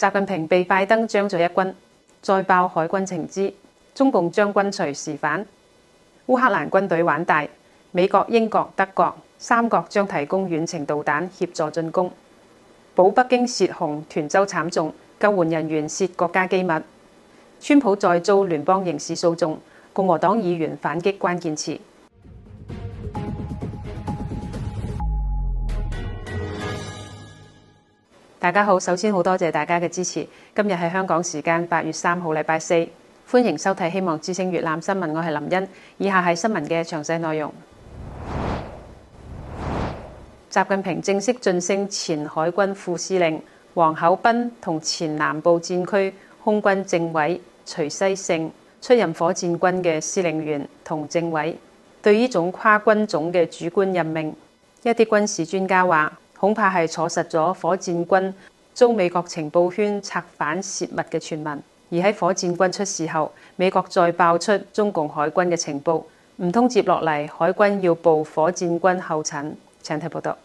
習近平被拜登將咗一軍，再爆海軍情資，中共將軍隨時反，烏克蘭軍隊玩大，美國、英國、德國三國將提供遠程導彈協助進攻。保北京洩洪涿州慘重，救援人員洩國家機密。川普再遭聯邦刑事訴訟，共和黨議員反擊關鍵詞。大家好，首先好多謝大家嘅支持。今日係香港時間八月三號禮拜四，歡迎收睇《希望之聲粵覽新聞》，我係林茵。以下係新聞嘅詳細內容。習近平正式晉升前海軍副司令王厚斌同前南部戰區空軍政委徐西盛出任火箭軍嘅司令員同政委。對呢種跨軍種嘅主官任命，一啲軍事專家話，恐怕係坐實咗火箭軍遭美國情報圈策反泄密嘅傳聞，而喺火箭軍出事後，美國再爆出中共海軍嘅情報，唔通接落嚟海軍要步火箭軍後塵？請睇報道。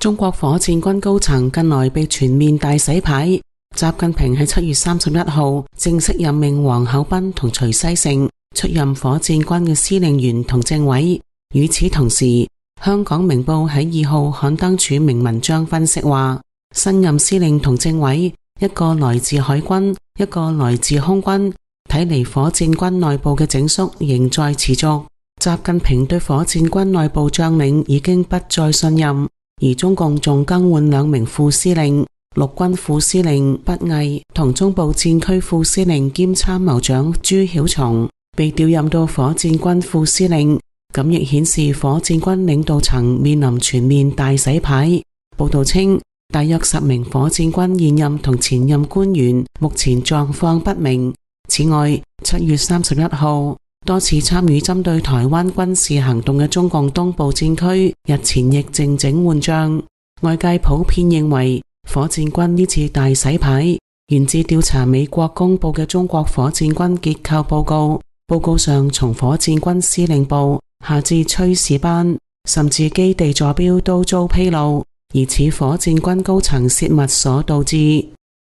中國火箭軍高層近來被全面大洗牌，習近平喺七月三十一號正式任命王厚斌同徐西盛出任火箭軍嘅司令員同政委。與此同時，香港明報喺二號刊登署名文章，分析話：新任司令同政委，一個來自海軍，一個來自空軍。睇嚟火箭軍內部嘅整肅仍在持續。習近平對火箭軍內部將領已經不再信任，而中共仲更換兩名副司令，陸軍副司令畢毅同中部戰區副司令兼參謀長朱曉松被調任到火箭軍副司令。咁亦顯示火箭軍領導層面臨全面大洗牌。報道稱，大約十名火箭軍現任同前任官員目前狀況不明。此外，七月三十一號多次參與針對台灣軍事行動嘅中共東部戰區日前亦靜靜換將。外界普遍認為，火箭軍呢次大洗牌源自調查美國公佈嘅中國火箭軍結構報告。報告上從火箭軍司令部，下至炊事班，甚至基地坐標都遭披露，疑似火箭軍高層洩密所導致。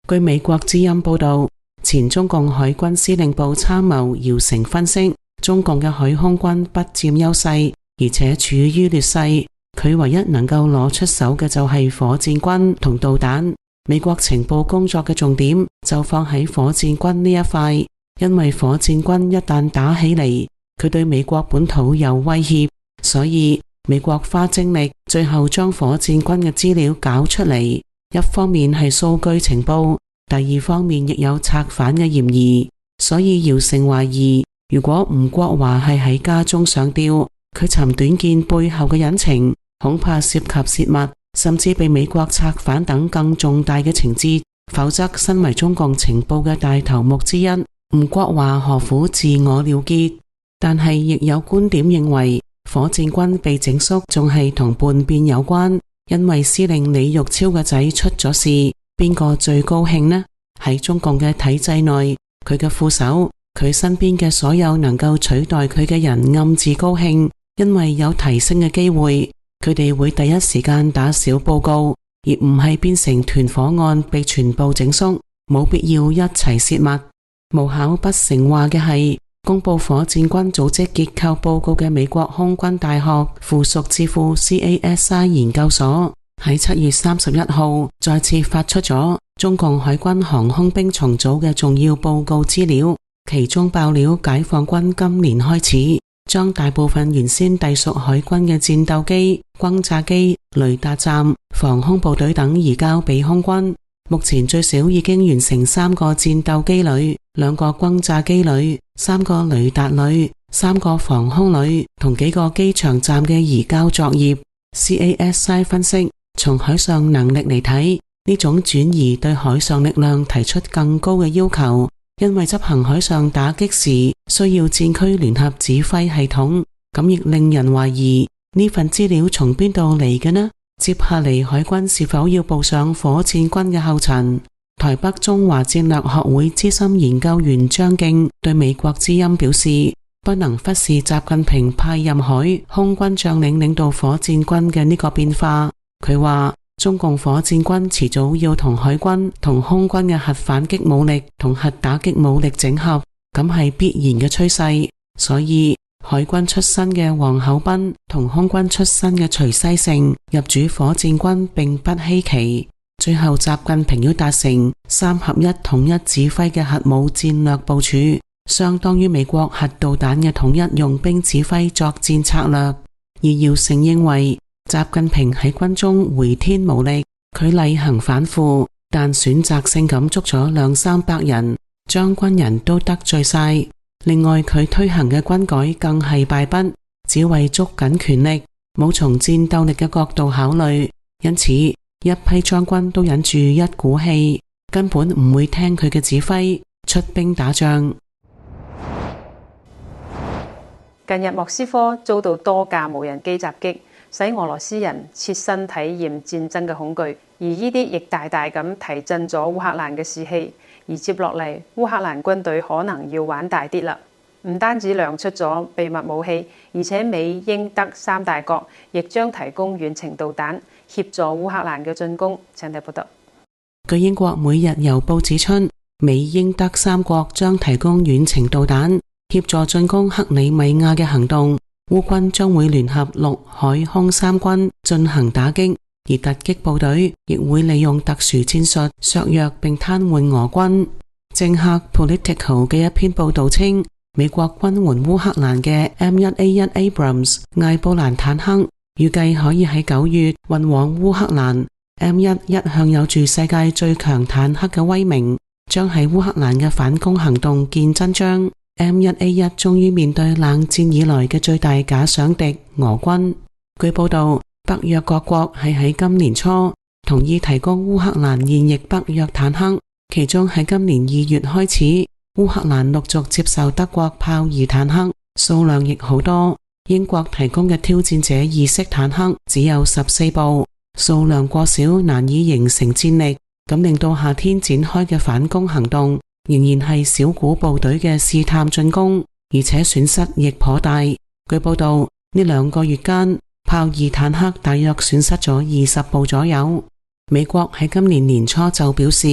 據美國之音報道，前中共海軍司令部參謀姚成分析，中共嘅海空軍不佔優勢，而且處於劣勢。佢唯一能夠攞出手嘅就係火箭軍同導彈。美國情報工作嘅重點就放喺火箭軍呢一塊，因為火箭軍一旦打起嚟。佢對美國本土有威脅，所以美國花精力最後將火箭軍嘅資料搞出嚟。一方面係數據情報，第二方面亦有策反嘅嫌疑。所以姚成懷疑，如果吳國華係喺家中上吊，佢尋短見背後嘅隱情，恐怕涉及泄密，甚至被美國策反等更重大嘅情節。否則，身為中共情報嘅大頭目之一，吳國華何苦自我了結？但係，亦有觀點認為，火箭軍被整肅仲係同叛變有關，因為司令李玉超嘅仔出咗事，邊個最高興呢？喺中共嘅體制內，佢嘅副手，佢身邊嘅所有能夠取代佢嘅人暗自高興，因為有提升嘅機會，佢哋會第一時間打小報告，而唔係變成團夥案被全部整肅，冇必要一齊洩密。無巧不成話嘅係。公布火箭軍組織結構報告嘅美國空軍大學附屬智庫 CASI 研究所喺七月三十一號再次發出咗中共海軍航空兵重組嘅重要報告資料，其中爆料解放軍今年開始將大部分原先隸屬海軍嘅戰鬥機、轟炸機、雷達站、防空部隊等移交俾空軍，目前最少已經完成三個戰鬥機旅。兩個轟炸機旅、三個雷達旅、三個防空旅同幾個機場站嘅移交作業。CASI 分析從海上能力嚟睇，呢種轉移對海上力量提出更高嘅要求，因為執行海上打擊時需要戰區聯合指揮系統。咁亦令人懷疑呢份資料從邊度嚟嘅呢？接下嚟海軍是否要步上火箭軍嘅後塵？台北中華戰略學會資深研究員張敬對美國之音表示，不能忽視習近平派任海空軍將領領導火箭軍嘅呢個變化。佢話中共火箭軍遲早要同海軍同空軍嘅核反擊武力同核打擊武力整合，咁係必然嘅趨勢。所以海軍出身嘅王厚斌同空軍出身嘅徐西盛入主火箭軍，並不稀奇。最後，習近平要達成三合一統一指揮嘅核武戰略部署，相當於美國核導彈嘅統一用兵指揮作戰策略。而姚成認為，習近平喺軍中回天無力，佢例行反腐，但選擇性咁捉咗兩三百人，將軍人都得罪晒。另外，佢推行嘅軍改更係敗筆，只為捉緊權力，冇從戰鬥力嘅角度考慮，因此。一批將軍都忍住一股氣，根本唔會聽佢嘅指揮出兵打仗。近日莫斯科遭到多架無人機襲擊，使俄羅斯人切身體驗戰爭嘅恐懼，而呢啲亦大大咁提振咗烏克蘭嘅士氣。而接落嚟，烏克蘭軍隊可能要玩大啲啦，唔單止亮出咗秘密武器，而且美英德三大國亦將提供遠程導彈。協助烏克蘭嘅進攻，請睇報道。據英國每日郵報指出，美英德三國將提供遠程導彈協助進攻克里米亞嘅行動。烏軍將會聯合陸海空三軍進行打擊，而突擊部隊亦會利用特殊戰術削弱並癱瘓俄軍。政客 Political 嘅一篇報道稱，美國軍援烏克蘭嘅 M 一 A 一 Abrams 艾布蘭坦克。預計可以喺九月運往烏克蘭。M1 一向有住世界最強坦克嘅威名，將喺烏克蘭嘅反攻行動見真章。M1A1 終於面對冷戰以來嘅最大假想敵俄軍。據報道，北約各國係喺今年初同意提供烏克蘭現役北約坦克，其中喺今年二月開始，烏克蘭陸續接受德國豹二坦克，數量亦好多。英國提供嘅挑戰者二式坦克只有十四部，數量過少，難以形成戰力。咁令到夏天展開嘅反攻行動，仍然係小股部隊嘅試探進攻，而且損失亦頗大。據報道，呢兩個月間，豹二坦克大約損失咗二十部左右。美國喺今年年初就表示，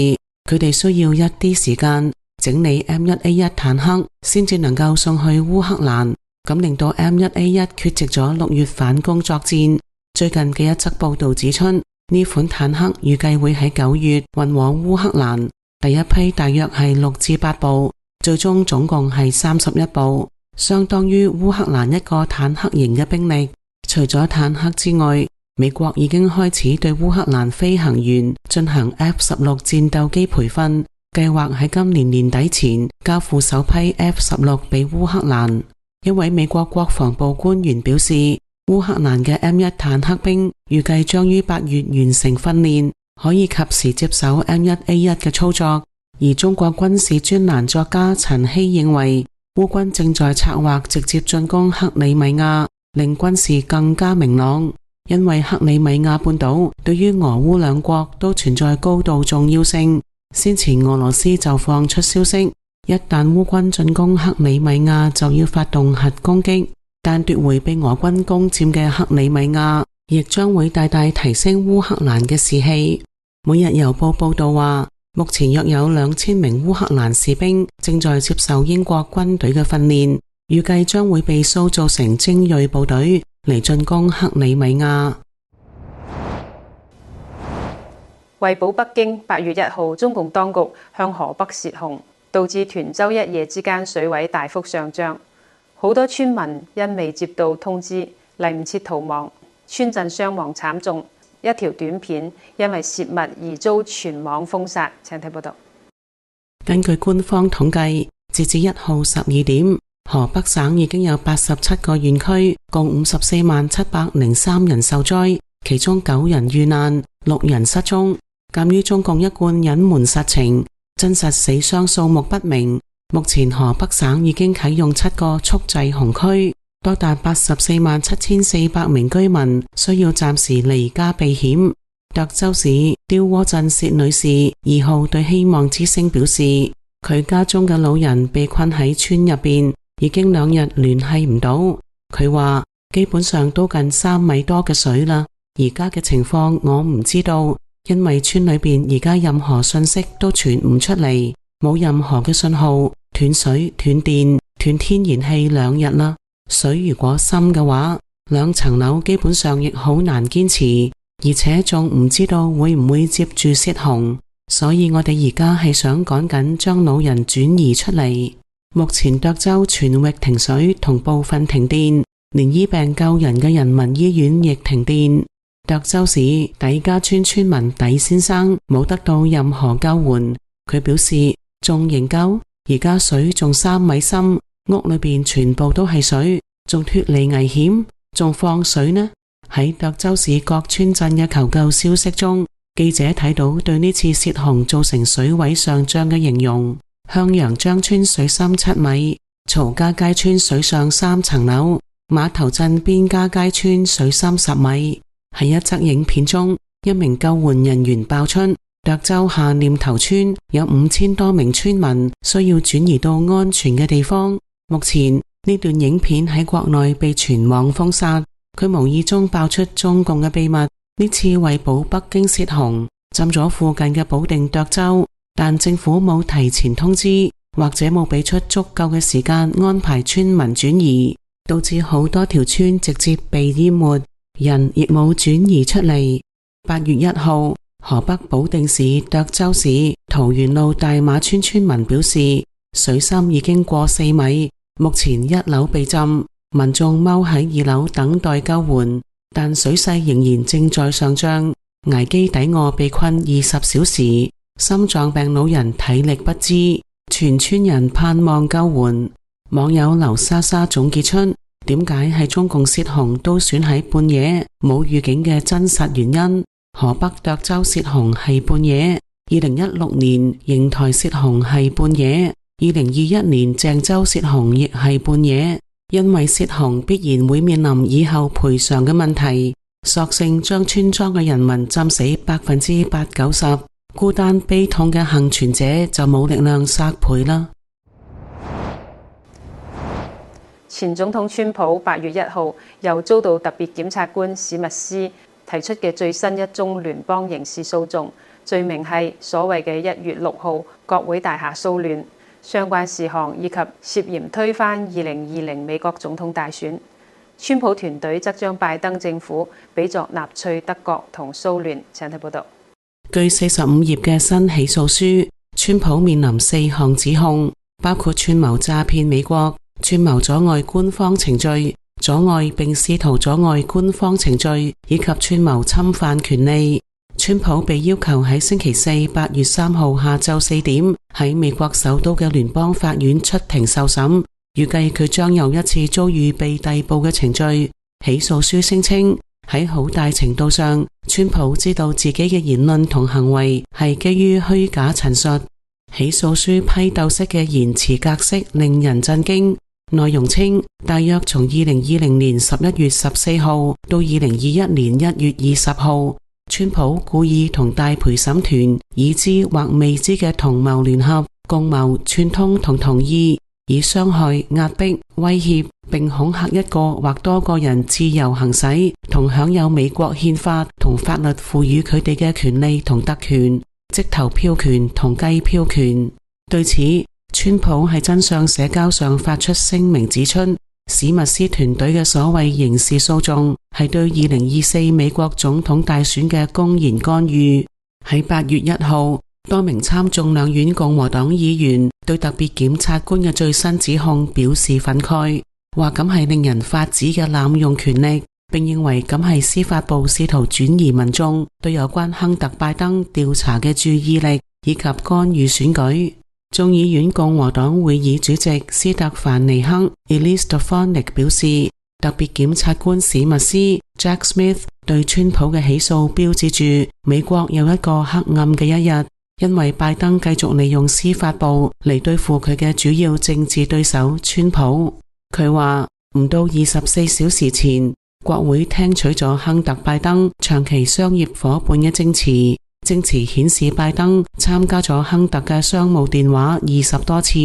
佢哋需要一啲時間整理 M 一 A 一坦克，先至能夠送去烏克蘭。咁令到 M 一 A 一缺席咗六月反攻作戰。最近嘅一則報道指出，呢款坦克預計會喺九月運往烏克蘭，第一批大約係六至八部，最終總共係三十一部，相當於烏克蘭一個坦克營嘅兵力。除咗坦克之外，美國已經開始對烏克蘭飛行員進行 F 十六戰鬥機培訓，計劃喺今年年底前交付首批 F 十六俾烏克蘭。一位美國國防部官員表示，烏克蘭嘅 M 一坦克兵預計將於八月完成訓練，可以及時接手 M 一 A 一嘅操作。而中國軍事專欄作家陳希認為，烏軍正在策劃直接進攻克里米亞，令軍事更加明朗，因為克里米亞半島對於俄烏兩國都存在高度重要性。先前俄羅斯就放出消息。一旦烏軍進攻克里米亞，就要發動核攻擊。但奪回被俄軍攻占嘅克里米亞，亦將會大大提升烏克蘭嘅士氣。每日郵報報道話，目前約有兩千名烏克蘭士兵正在接受英國軍隊嘅訓練，預計將會被塑造成精銳部隊嚟進攻克里米亞。爲保北京，八月一號，中共當局向河北洩洪。導致涿州一夜之間水位大幅上漲，好多村民因未接到通知，嚟唔切逃亡，村鎮傷亡慘重。一條短片因為洩密而遭全網封殺。請睇報道。根據官方統計，截至一號十二點，河北省已經有八十七個縣區，共五十四萬七百零三人受災，其中九人遇難，六人失蹤。鑑於中共一貫隱瞞實情，真實死傷數目不明。目前河北省已經啟用七個蓄滯洪區，多達八十四萬七千四百名居民需要暫時離家避險。涿州市刁窩鎮薛女士二號對希望之聲表示，佢家中嘅老人被困喺村入邊，已經兩日聯繫唔到。佢話基本上都近三米多嘅水啦，而家嘅情況我唔知道。因為村裏邊而家任何信息都傳唔出嚟，冇任何嘅信號，斷水、斷電、斷天然氣兩日啦。水如果深嘅話，兩層樓基本上亦好難堅持，而且仲唔知道會唔會接住洩洪，所以我哋而家係想趕緊將老人轉移出嚟。目前涿州全域停水同部分停電，連醫病救人嘅人民醫院亦停電。德州市底家村村民底先生冇得到任何救援，佢表示仲營救，而家水仲三米深，屋裏邊全部都係水，仲脫離危險，仲放水呢？喺德州市各村鎮嘅求救消息中，記者睇到對呢次泄洪造成水位上漲嘅形容：向陽張村水深七米，曹家街村水上三層樓，碼頭鎮邊家街村水深十米。喺一則影片中，一名救援人員爆出，涿州下念頭村有五千多名村民需要轉移到安全嘅地方。目前呢段影片喺國內被全網封殺。佢無意中爆出中共嘅秘密，呢次為保北京洩洪，浸咗附近嘅保定涿州，但政府冇提前通知，或者冇俾出足夠嘅時間安排村民轉移，導致好多條村直接被淹沒。人亦冇轉移出嚟。八月一號，河北保定市涿州市桃園路大馬村村民表示，水深已經過四米，目前一樓被浸，民眾踎喺二樓等待救援，但水勢仍然正在上漲。危機底餓被困二十小時，心臟病老人體力不支，全村人盼望救援。網友劉莎莎總結出。點解係中共洩洪都選喺半夜冇預警嘅真實原因？河北涿州洩洪係半夜，二零一六年邢台洩洪係半夜，二零二一年鄭州洩洪亦係半夜。因為洩洪必然會面臨以後賠償嘅問題，索性將村莊嘅人民浸死百分之八九十，孤單悲痛嘅倖存者就冇力量索賠啦。前總統川普八月一號又遭到特別檢察官史密斯提出嘅最新一宗聯邦刑事訴訟，罪名係所謂嘅一月六號國會大廈騷亂相關事項以及涉嫌推翻二零二零美國總統大選。川普團隊則將拜登政府比作納粹德國同蘇聯。請睇報道。據四十五頁嘅新起訴書，川普面臨四項指控，包括串謀詐騙美國、串謀阻礙官方程序、阻礙並試圖阻礙官方程序以及串謀侵犯權利，川普被要求喺星期四八月三號下晝四點喺美國首都嘅聯邦法院出庭受審。預計佢將又一次遭遇被逮捕嘅程序。起訴書聲稱喺好大程度上，川普知道自己嘅言論同行為係基於虛假陳述。起訴書批鬥式嘅言辭格式令人震驚。內容稱，大約從二零二零年十一月十四號到二零二一年一月二十號，川普故意同大陪審團已知或未知嘅同謀聯合共謀串通同同意，以傷害、壓迫、威脅並恐嚇一個或多個人自由行使同享有美國憲法同法律賦予佢哋嘅權利同特權，即投票權同計票權。對此。川普喺真相社交上發出聲明，指出史密斯團隊嘅所謂刑事訴訟係對二零二四美國總統大選嘅公然干預。喺八月一號，多名參眾兩院共和黨議員對特別檢察官嘅最新指控表示憤慨，話咁係令人發指嘅濫用權力，並認為咁係司法部試圖轉移民眾對有關亨特拜登調查嘅注意力以及干預選舉。眾議院共和黨會議主席斯特凡尼克 （Elise Stefanik） 表示，特別檢察官史密斯 （Jack Smith） 對川普嘅起訴，標誌住美國有一個黑暗嘅一日，因為拜登繼續利用司法部嚟對付佢嘅主要政治對手川普。佢話唔到二十四小時前，國會聽取咗亨特拜登長期商業夥伴嘅證詞。證詞顯示，拜登參加咗亨特嘅商務電話二十多次，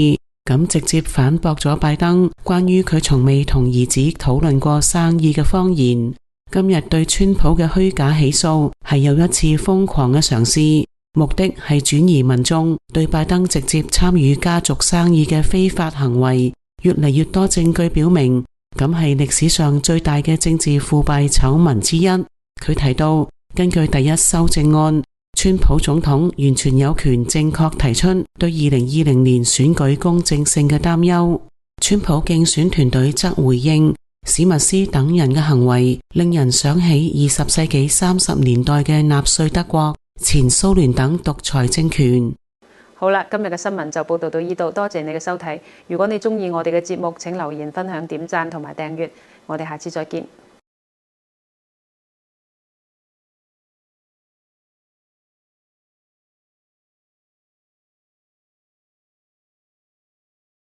咁直接反駁咗拜登關於佢從未同兒子討論過生意嘅謊言。今日對川普嘅虛假起訴係又一次瘋狂嘅嘗試，目的係轉移民眾對拜登直接參與家族生意嘅非法行為。越嚟越多證據表明，咁係歷史上最大嘅政治腐敗醜聞之一。佢提到，根據第一修正案。川普總統完全有權正確提出對2020年選舉公正性嘅擔憂。川普競選團隊則回應史密斯等人嘅行為，令人想起二十世紀三十年代嘅納粹德國、前蘇聯等獨裁政權。好啦，今日嘅新聞就報道到呢度，多謝你嘅收睇。如果你中意我哋嘅節目，請留言分享、點讚同埋訂閱。我哋下次再見。